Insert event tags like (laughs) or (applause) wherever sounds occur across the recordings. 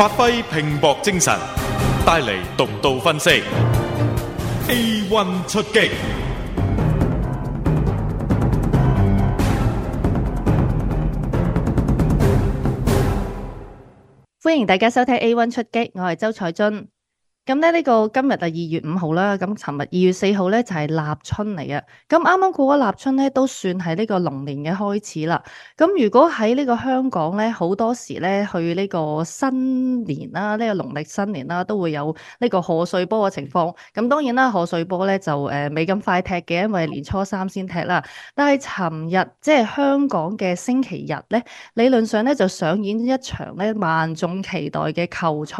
發揮拼搏精神，帶嚟獨到分析。A one 出擊，歡迎大家收聽 A one 出擊，我係周采蓁。咁咧，呢個今日啊，二月五號啦，咁尋日二月四號咧就係立春嚟嘅，咁啱啱過咗立春咧都算係呢個龍年嘅開始啦。咁如果喺呢個香港咧，好多時咧去呢個新年啦，呢個農曆新年啦，都會有呢個賀歲波嘅情況。咁當然啦，賀歲波咧就誒未咁快踢嘅，因為年初三先踢啦。但係尋日即係香港嘅星期日咧，理論上咧就上演一場咧萬眾期待嘅球賽，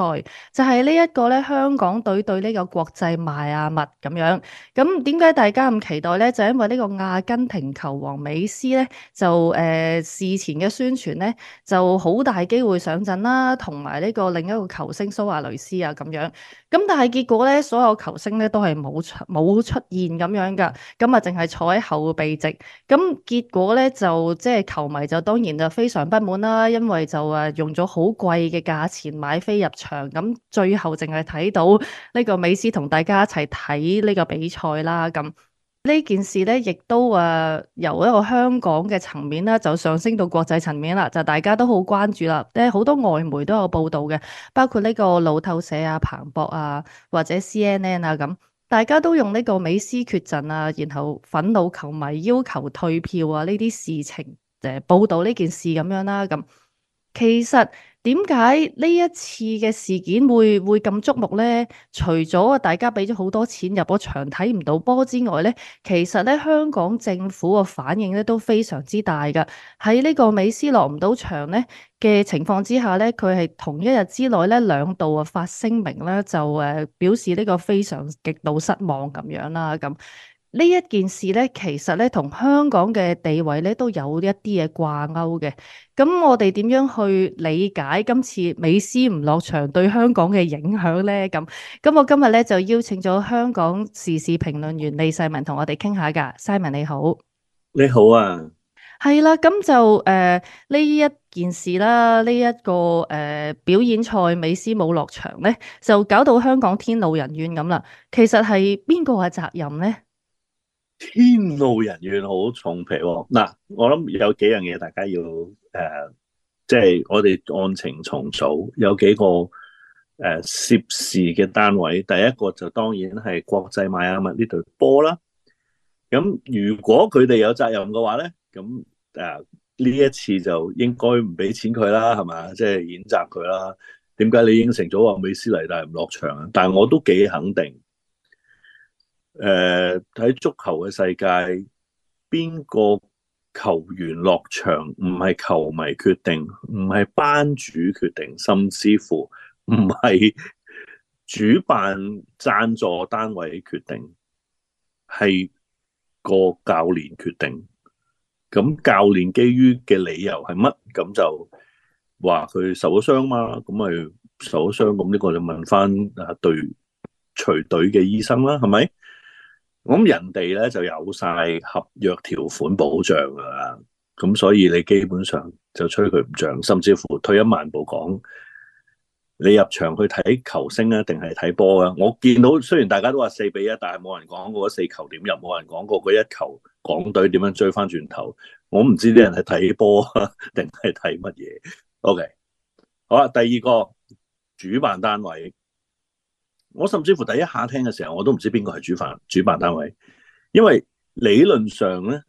就係呢一個咧香。香港隊對呢個國際邁阿密咁樣，咁點解大家咁期待咧？就因為呢個阿根廷球王美斯咧，就誒、呃、事前嘅宣傳咧就好大機會上陣啦，同埋呢個另一個球星蘇亞雷斯啊咁樣。咁但係結果咧，所有球星咧都係冇出冇出現咁樣噶，咁啊淨係坐喺後備席。咁結果咧就即係、就是、球迷就當然就非常不滿啦，因為就誒用咗好貴嘅價錢買飛入場，咁最後淨係睇到。到、這、呢個美斯同大家一齊睇呢個比賽啦，咁呢件事咧亦都由一個香港嘅層面咧就上升到國際層面啦，就大家都好關注啦，好多外媒都有報道嘅，包括呢個路透社啊、彭博啊或者 CNN 啊咁，大家都用呢個美斯缺陣啊，然後憤怒球迷要求退票啊呢啲事情誒、呃、報道呢件事咁樣啦，咁。其實點解呢一次嘅事件會會咁矚目咧？除咗大家俾咗好多錢入個場睇唔到波之外咧，其實咧香港政府個反應咧都非常之大噶。喺呢個美斯落唔到場咧嘅情況之下咧，佢係同一日之內咧兩度啊發聲明咧就誒、呃、表示呢個非常極度失望咁樣啦咁。呢一件事咧，其實咧同香港嘅地位咧都有一啲嘢掛鈎嘅。咁我哋點樣去理解今次美斯唔落場對香港嘅影響咧？咁咁我今日咧就邀請咗香港時事評論員利世民同我哋傾下噶。Simon 你好，你好啊，係啦。咁就誒呢一件事啦，呢、這、一個誒、呃、表演賽美斯冇落場咧，就搞到香港天怒人怨咁啦。其實係邊個嘅責任咧？天怒人怨，好重皮喎！嗱、啊，我諗有幾樣嘢大家要誒，即、呃、係、就是、我哋案情重組，有幾個誒涉、呃、事嘅單位。第一個就當然係國際邁阿密呢隊波啦。咁如果佢哋有責任嘅話咧，咁誒呢一次就應該唔俾錢佢啦，係嘛？即、就、係、是、譴責佢啦。點解你應承咗話美斯嚟但係唔落場啊？但係我都幾肯定。誒、呃，睇足球嘅世界，邊個球員落場唔係球迷決定，唔係班主決定，甚至乎唔係主辦贊助單位決定，係個教練決定。咁教練基於嘅理由係乜？咁就話佢受咗傷嘛？咁咪受咗傷？咁呢個就問翻啊隊隨隊嘅醫生啦，係咪？咁人哋咧就有晒合約條款保障噶啦，咁所以你基本上就吹佢唔漲，甚至乎退一萬步講，你入場去睇球星啊，定係睇波啊？我見到雖然大家都話四比一，但係冇人講過四球點入，冇人講過佢一球港隊點樣追翻轉頭。我唔知啲人係睇波啊，定係睇乜嘢？OK，好啦，啊，第二個主辦單位。我甚至乎第一下聽嘅時候，我都唔知邊個係主辦單位，因為理論上咧，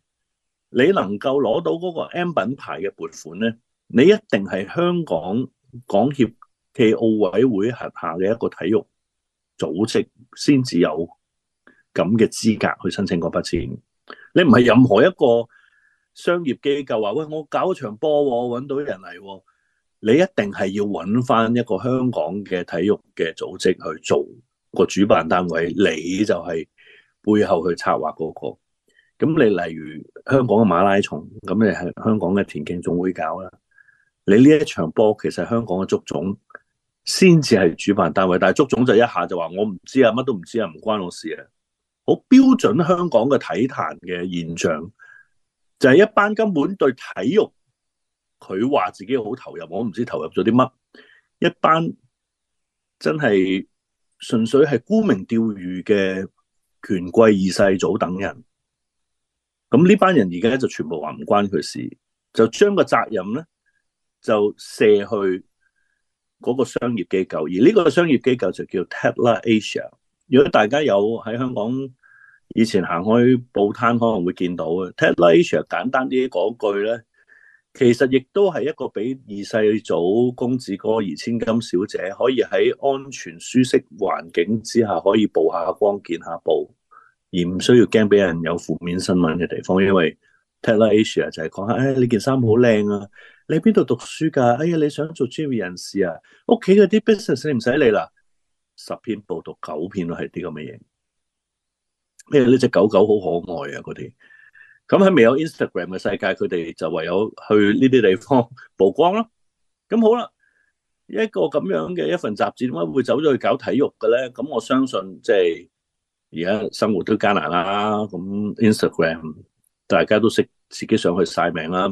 你能夠攞到嗰個 M 品牌嘅撥款咧，你一定係香港港協暨奧委會轄下嘅一個體育組織先至有咁嘅資格去申請嗰筆錢。你唔係任何一個商業機構話，喂，我搞一場波喎，我揾到人嚟喎。你一定係要揾翻一個香港嘅體育嘅組織去做個主辦單位，你就係背後去策劃嗰個。咁你例如香港嘅馬拉松，咁你係香港嘅田徑總會搞啦。你呢一場波，其實香港嘅足總先至係主辦單位，但係足總就一下就話我唔知啊，乜都唔知啊，唔關我事啊，好標準香港嘅體壇嘅現象，就係一班根本對體育。佢話自己好投入，我唔知投入咗啲乜。一班真係純粹係沽名釣譽嘅權貴二世祖等人，咁呢班人而家就全部話唔關佢事，就將個責任咧就卸去嗰個商業機構，而呢個商業機構就叫 Tatler Asia。如果大家有喺香港以前行開報攤，可能會見到嘅 Tatler Asia。簡單啲講句咧。其實亦都係一個俾二世祖公子哥兒千金小姐可以喺安全舒適環境之下可以曝下光見下報，而唔需要驚俾人有負面新聞嘅地方，因為 Tatler Asia 就係講下，誒、哎、你件衫好靚啊，你邊度讀書噶？哎呀你想做專業人士啊？屋企嗰啲 business 你唔使理啦，十篇報讀九篇都係啲咁嘅嘢，咩呢隻狗狗好可愛啊嗰啲。咁喺未有 Instagram 嘅世界，佢哋就唯有去呢啲地方曝光咯。咁好啦，一個咁樣嘅一份雜誌點解會走咗去搞體育嘅咧？咁我相信即係而家生活都艱難啦。咁 Instagram 大家都識自己上去晒名啦，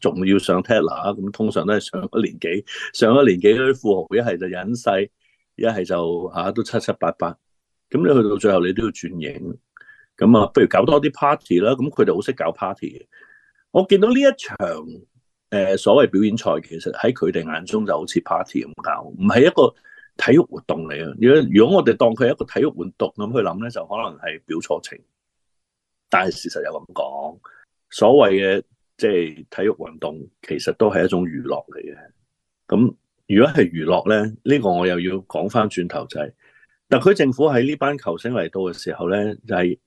仲要上 Teller 咁通常都係上一年紀上一年幾嗰啲富豪，一係就隱世，一係就嚇、啊、都七七八八。咁你去到最後，你都要轉型。咁啊，不如搞多啲 party 啦！咁佢哋好識搞 party 嘅。我見到呢一場誒所謂表演賽，其實喺佢哋眼中就好似 party 咁搞，唔係一個體育活動嚟嘅。如果如果我哋當佢係一個體育活動咁去諗咧，就可能係表錯情。但係事實又咁講，所謂嘅即係體育運動，其實都係一種娛樂嚟嘅。咁如果係娛樂咧，呢個我又要講翻轉頭仔，就係特區政府喺呢班球星嚟到嘅時候咧，就係。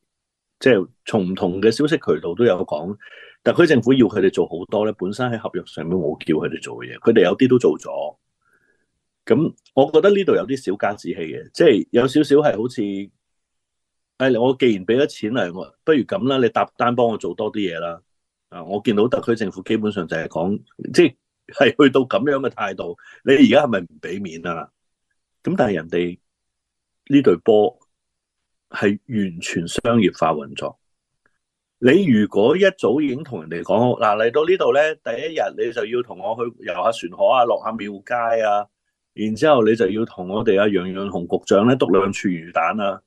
即係從唔同嘅消息渠道都有講，特區政府要佢哋做好多咧，本身喺合約上面冇叫佢哋做嘅嘢，佢哋有啲都做咗。咁我覺得呢度有啲小家子氣嘅，即係有少少係好似，誒，我既然俾咗錢嚟，我不如咁啦，你搭單幫我做多啲嘢啦。啊，我見到特區政府基本上就係講，即係係去到咁樣嘅態度，你而家係咪唔俾面啊？咁但係人哋呢對波，係完全商業化運作。你如果一早已經同人哋講，嗱，嚟到這裡呢度咧，第一日你就要同我去遊下船河啊，落下廟街啊，然之後你就要同我哋阿楊潤雄局長咧督兩串魚蛋啊，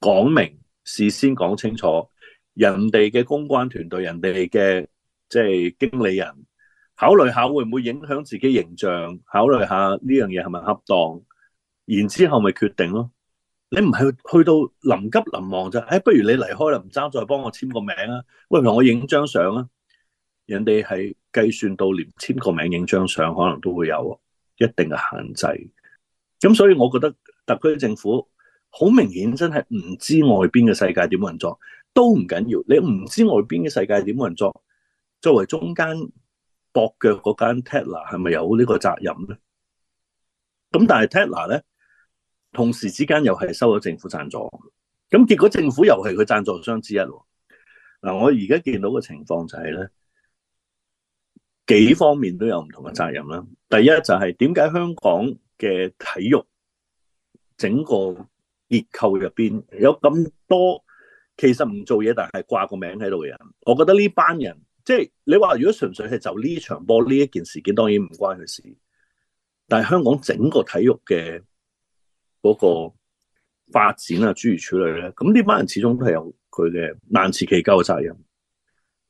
講明，事先講清楚，人哋嘅公關團隊、人哋嘅即係經理人，考慮下會唔會影響自己形象，考慮下呢樣嘢係咪恰當，然之後咪決定咯。你唔係去到臨急臨忙就哎，不如你離開啦，唔爭再幫我簽個名啊，喂，同我影張相啊，人哋係計算到，連簽個名、影張相，可能都會有一定嘅限制。咁所以，我覺得特區政府好明顯真係唔知外邊嘅世界點運作，都唔緊要。你唔知外邊嘅世界點運作，作為中間駁腳嗰間 Tatler 係咪有呢個責任咧？咁但係 Tatler 咧？同時之間又係收咗政府贊助，咁結果政府又係佢贊助商之一。嗱，我而家見到嘅情況就係、是、咧，幾方面都有唔同嘅責任啦。第一就係點解香港嘅體育整個結構入邊有咁多其實唔做嘢，但係掛個名喺度嘅人。我覺得呢班人即係你話，就是、如果純粹係就呢場波呢一件事件，當然唔關佢事。但係香港整個體育嘅。嗰、那個發展啊，諸如此類咧，咁呢班人始終都係有佢嘅難辭其咎嘅責任。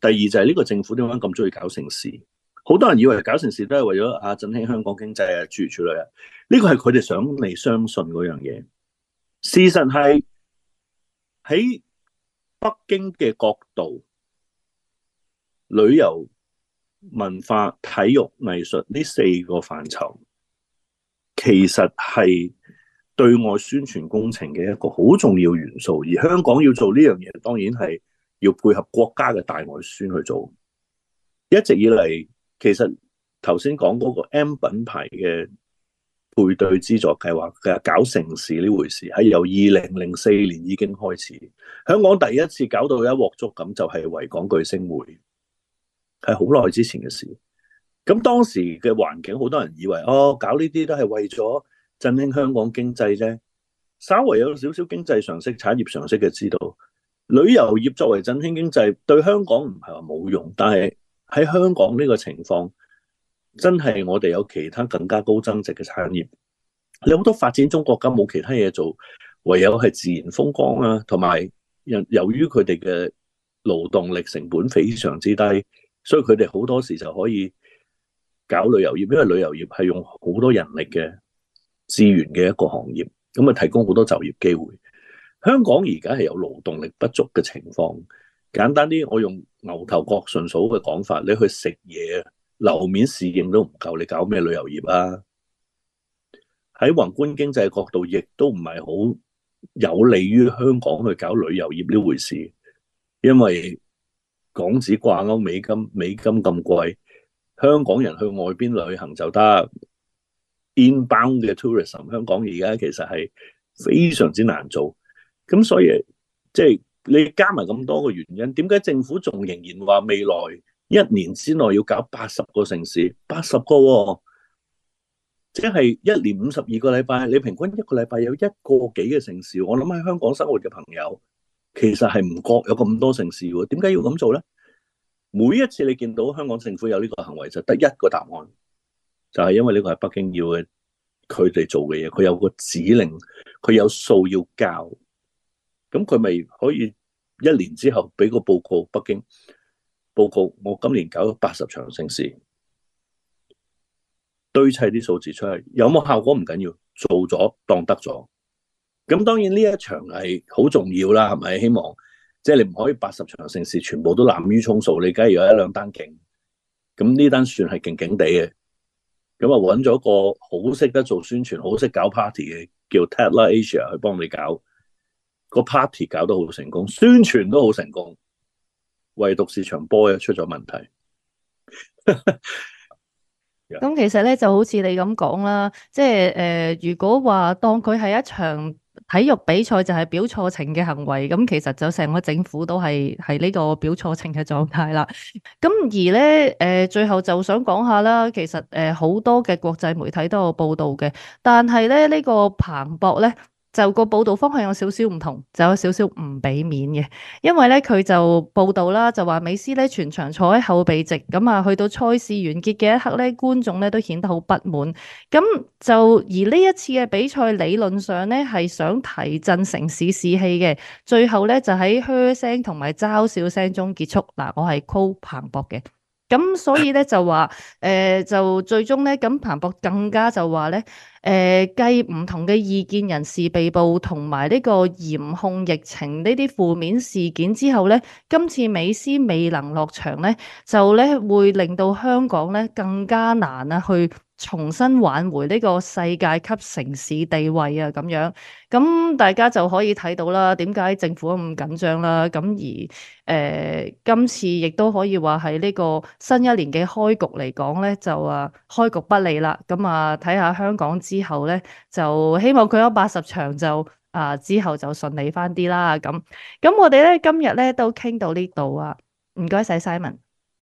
第二就係呢個政府點解咁鍾意搞盛事？好多人以為搞盛事都係為咗啊振興香港經濟啊，諸如此類啊，呢個係佢哋想你相信嗰樣嘢。事實係喺北京嘅角度，旅遊、文化、體育、藝術呢四個範疇，其實係。對外宣傳工程嘅一個好重要元素，而香港要做呢樣嘢，當然係要配合國家嘅大外宣去做。一直以嚟，其實頭先講嗰個 M 品牌嘅配對資助計劃，佢搞城市呢回事，係由二零零四年已經開始。香港第一次搞到一鑊粥咁，就係維港巨星會，係好耐之前嘅事。咁當時嘅環境，好多人以為哦，搞呢啲都係為咗振興香港經濟啫，稍微有少少經濟常識、產業常識嘅知道，旅遊業作為振興經濟對香港唔係話冇用，但係喺香港呢個情況，真係我哋有其他更加高增值嘅產業。你好多發展中國家冇其他嘢做，唯有係自然風光啊，同埋由由於佢哋嘅勞動力成本非常之低，所以佢哋好多時就可以搞旅遊業，因為旅遊業係用好多人力嘅。資源嘅一個行業，咁啊提供好多就業機會。香港而家係有勞動力不足嘅情況，簡單啲，我用牛頭角順嫂嘅講法，你去食嘢，樓面侍應都唔夠，你搞咩旅遊業啊？喺宏觀經濟角度，亦都唔係好有利於香港去搞旅遊業呢回事，因為港紙掛鈎美金，美金咁貴，香港人去外邊旅行就得。Inbound 嘅 tourism，香港而家其實係非常之難做，咁所以即係你加埋咁多個原因，點解政府仲仍然話未來一年之內要搞八十個城市？八十個喎，即係一年五十二個禮拜，你平均一個禮拜有一個幾嘅城市。我諗喺香港生活嘅朋友其實係唔覺有咁多城市喎，點解要咁做咧？每一次你見到香港政府有呢個行為，就得一個答案。就係因為呢個係北京要嘅，佢哋做嘅嘢，佢有個指令，佢有數要交，咁佢咪可以一年之後俾個報告北京？報告我今年搞八十場盛事，堆砌啲數字出去，有冇效果唔緊要，做咗當得咗。咁當然呢一場係好重要啦，係咪？希望即係你唔可以八十場盛事全部都濫竽充數，你梗係有一兩單勁。咁呢單算係勁勁地嘅。咁啊，搵咗個好識得做宣傳、好識搞 party 嘅，叫 Tatler Asia 去幫你搞個 party，搞得好成功，宣傳都好成功，唯獨市場波一出咗問題。咁 (laughs) yeah. 其實咧就好似你咁講啦，即係誒、呃，如果話當佢係一場，體育比賽就係表錯情嘅行為，咁其實就成個政府都係係呢個表錯情嘅狀態啦。咁而咧，誒，最後就想講下啦，其實誒，好多嘅國際媒體都有報道嘅，但係咧呢、這個彭博咧。就個報導方向有少少唔同，就有少少唔俾面嘅，因為咧佢就報導啦，就話美斯咧全場坐喺後備席，咁啊去到賽事完結嘅一刻咧，觀眾咧都顯得好不滿，咁就而呢一次嘅比賽理論上咧係想提振城市士氣嘅，最後咧就喺嘘聲同埋嘲笑聲中結束。嗱，我係 quote 彭博嘅。咁所以呢，就話，誒、呃、就最終呢，咁彭博更加就話呢，誒繼唔同嘅異見人士被捕同埋呢個嚴控疫情呢啲負面事件之後呢，今次美斯未能落場呢，就呢會令到香港呢更加難啊去。重新挽回呢個世界級城市地位啊，咁樣，咁大家就可以睇到啦。點解政府咁緊張啦？咁而誒、呃，今次亦都可以話係呢個新一年嘅開局嚟講咧，就啊開局不利啦。咁啊，睇下香港之後咧，就希望佢有八十場就啊之後就順利返啲啦。咁咁我哋咧今日咧都傾到呢度啊，唔該晒 Simon。